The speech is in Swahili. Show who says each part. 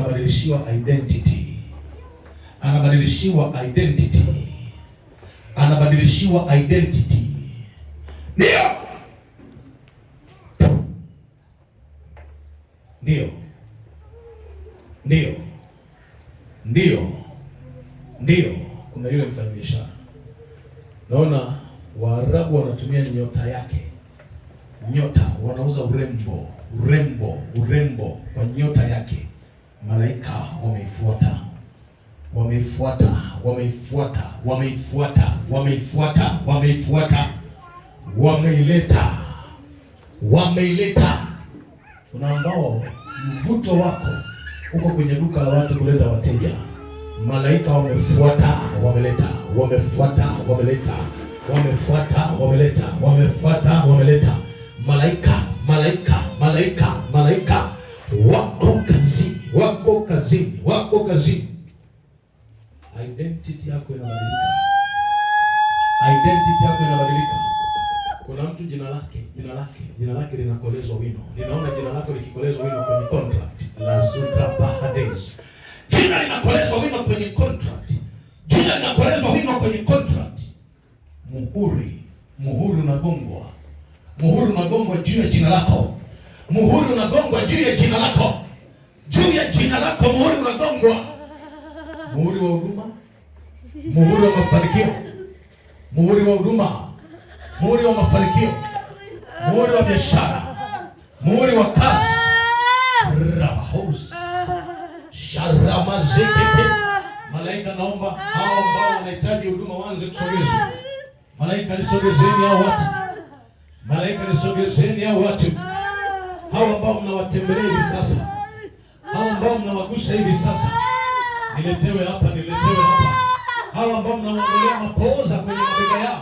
Speaker 1: anabadilishiwa identity, anabadilishiwa identity, anabadilishiwa identity. Ndio, ndio, ndio, ndio, ndio. Kuna yule mfanyabiashara naona Waarabu wanatumia nyota yake, nyota, wanauza urembo, urembo, urembo kwa nyota yake malaika wameifuata, wameifuata, wameifuata, wameifuata, wameifuata, wameifuata, wameileta, wameileta. Kuna ambao mvuto wako uko kwenye duka la watu kuleta wateja, malaika wamefuata, wameleta, wamefuata, wameleta, wamefuata, wameleta, wamefuata, wameleta, malaika identity yako inabadilika, identity yako inabadilika. Kuna mtu jina lake jina lake jina lake linakolezwa wino, ninaona jina lako likikolezwa wino kwenye contract la Zuka Bahades, jina linakolezwa wino kwenye contract, jina linakolezwa wino kwenye contract, muhuri muhuri unagongwa, muhuri unagongwa juu ya jina lako, muhuri unagongwa juu ya jina lako, juu ya jina lako muhuri unagongwa muhuri wa huduma, muhuri wa mafanikio, muhuri wa huduma, muhuri wa mafanikio, muhuri wa biashara, muhuri wa kazi. rabahus sharamazekete malaika, naomba hao ambao wanahitaji huduma waanze kusogezwa. Malaika nisogezeni hao watu, malaika nisogezeni hao watu, hao ambao mnawatembelea hivi sasa, hao ambao mnawagusa hivi sasa niletewe hapa, niletewe hapa. Hawa ambao mnaongolea mapooza kwenye mabega yao